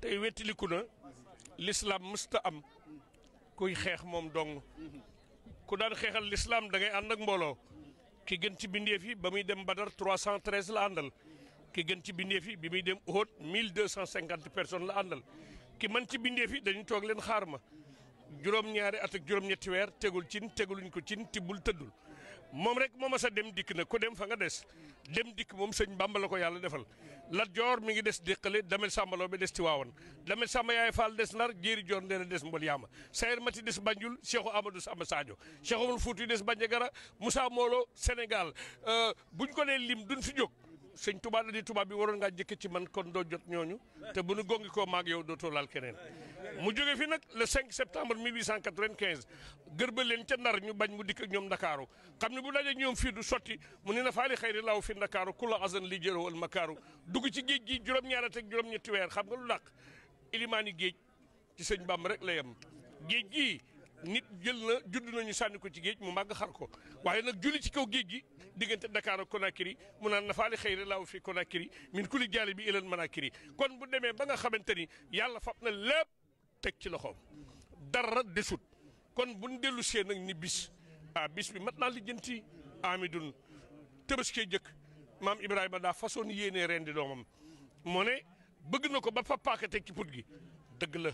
tey wettiliku na lislaam mësta am kuy xeex moom dong ku daan xeexal lislaam da ngay ànd ak mbooloo ki gën ci bindeef yi ba muy dem Badar 313 la àndal ki gën ci bindeef yi bi muy dem Uhud 1250 personnes la àndal ki man ci bindeef yi dañu toog leen xaar ma juróom-ñaari at ak juróom-ñetti weer tegul cin teguluñ ko cin tibbul tëddul moom rek moo mas a dem dikk nag ko dem fa nga des dem dikk moom sëñ Bàmba ko yàlla defal Lat Joor mi ngi des déqale Damel Samba Lobé des Tiwaawan Damel Samba Yaay Fall des Ndar Jéeri Joor Ndeela des Mbol Yaama Sayer Mati des Banjul Cheikhou Amadou Samba Sadio Cheikh Omar Fouti des gara Moussa Molo Sénégal euh, buñ ko dee lim duñ fi jóg sëñ Tuubaa la di Tuubaa bi waroon ngaa jëkke ci man kon doo jot ñooñu te bu nu gongi koo maag yow dootoo laal keneen mu jóge fi nag le 5 septembre 1895 gërbal leen ca ndar ñu bañ mu dikk ak ñoom ndakaaru xam ne bu daje ñoom fii du sotti mu ne na faali xayri law fi ndakaaru ku la azan li jëro wal makaaru dugg ci géej gi juróom-ñaar at ak juróom-ñetti weer xam nga lu dàq ilimaani géej ci sëñ Bàmb rek la yem géej gii nit jël na judd nañu sànni ko ci géej mu màgg xar ko waaye nag julli ci kaw géej gi diggante Dakar ak Conakry mu naan nafaali xëyri laaw fi Conakry min kuli jaali bi ilal manakiri kon bu demee ba nga xamante ni yàlla fab na lépp teg ci loxoom dara desut kon bu ñu dellu see nag ni bis ah bis bi mat naa lijjanti amidun tëbaskee jëkk maam Ibrahima daa façon yéenee ren di doomam moo ne bëgg na ko ba fa paaka teg ci put gi dëgg la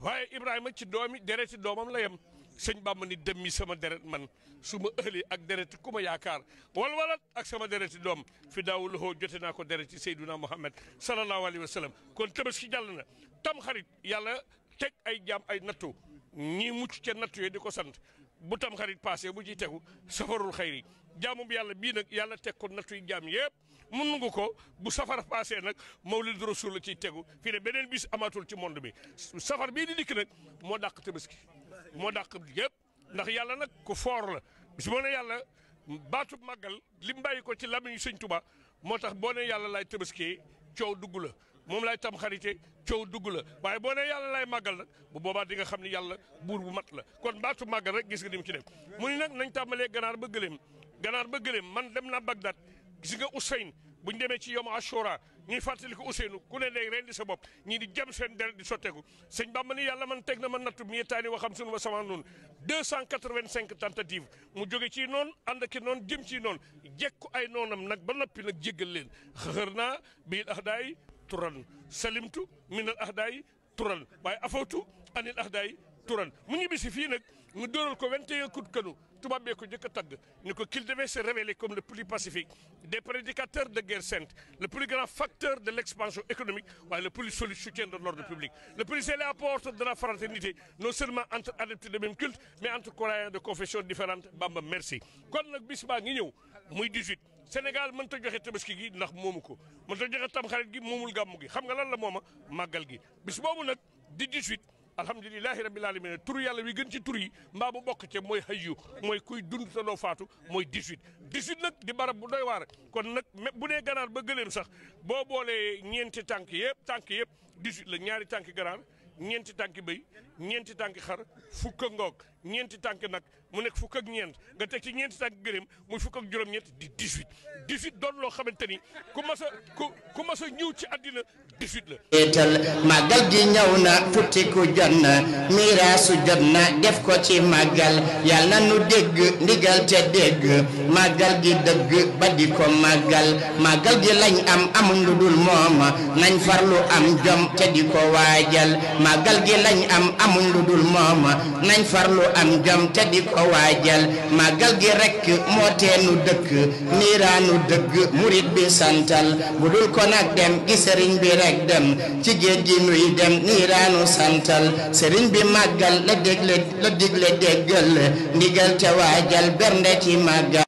waaye Ibrahima ci doomi dereti doomam la yem sëñ Bàmba ni dem mi sama deret man su ma ëhli ak dereti ku ma yaakaar walwalat ak sama dereti doom fi daawu loxoo naa ko dereti Seyduna Muhammad sallallahu alayhi wa sallam kon tabaski jàll na tam xarit yàlla teg ay jaam ay nattu ñi mucc cen nattu yooyu di ko sant bu tam xarit passé bu ci tegu safarul xayri jaamu bi yàlla bii nag yàlla teg ko nattu yi jaam yëpp mun nangu ko bu safara passé nag mawlid rasul la ciy tegu fii ne beneen bis amaatul ci monde bi safar bii di dikk nag moo dàq tabaski moo dàq yëpp ndax yàlla nag ku foor la bis moo ne yàlla baatub màggal li mu bàyyi ko ci lamiñu sëñ Tuba moo tax boo ne yàlla laay tabaski coow dugg la moom laay tam xarité coow dugg la waaye boo nee yàlla laay màggal nag bu boobaa di nga xam ni yàlla buur bu mat la kon baatu màggal rek gis nga ni mu ci def mu ni nag nañ tàmbalee ganaar ba gëléem ganaar ba gëléem man dem naa Bagdad gis nga Usayn bu ñu demee ci yom ashura ñuy fàttali ko Ousseynou ku ne léegi ren di sa bopp ñii di jëm seen deret di sotteeku sëñ Bamba ni yàlla man teg na ma nattu mi yettaani waxam sunu wa sama noonu 285 tentatives mu jóge ci noonu ànd ki noonu jëm ci noonu jekku ay noonam nag ba noppi nag jéggal leen turan salimtu min al ahdaay turan waaye afawtu anil ahdaay turan mu ngi bisi fii nag mu dóoral ko 21 coups de canon bee ko njëkk a tagg ni ko qu'il devait se révéler comme le plus pacifique des prédicateurs de guerre sainte le plus grand facteur de l'expansion économique waaye le plus solide soutien de l'ordre public le plus zélé apôtre de la fraternité non seulement entre adeptes de même culte mais entre croyants de confessions différentes Bamba Sénégal mën ta joxe tabaski gi ndax moomu ko mën ta joxe tamxarit gi moomul gàmmu gi xam nga lan la mooma màggal gi bis boobu nag di 18 alhamdulilahi rabil alamin tur yàlla wi gën ci tur yi mbaa bu bokk ca mooy hayyu mooy kuy dund te faatu mooy 18 18 nag di barab bu doy waar kon nag bu nee ganaar ba gëléem sax boo boolee ñeenti tànk yëpp tànk yëpp 18 la ñaari tànk ganaar ñeenti tànki béy ñeenti tànki xar fukk ak ngoog ñeenti tànki nag mu nekk fukk ak ñeent nga teg ci ñeenti tànki gërëm muy fukk ak juróom-ñeent di 18 18 doon loo xamante ni ku mas a ku ku mas a ñëw ci àddina 18 la. eetal màggal gi ñëw na futtiku jot na miraasu jot na def ko ci màggal yàlla na nu dégg ndigal te dégg màggal gi dëgg ba di ko màggal màggal gi lañ am amuñ lu dul moom nañ farlu am jom te di ko waajal. màggal gi lañ am amuñ lu dul mooma nañ farlu am jom te di ko waajal màggal gi rekk moo teenu dëkk niiraanu dëgg murit bi santal bu dul ko nag dem gi sëriñ bi rek dem ci géej gi nuy dem niiraanu santal sëriñ bi màggal la dégle la digle déggal ndigal te waajal bernde ci màggal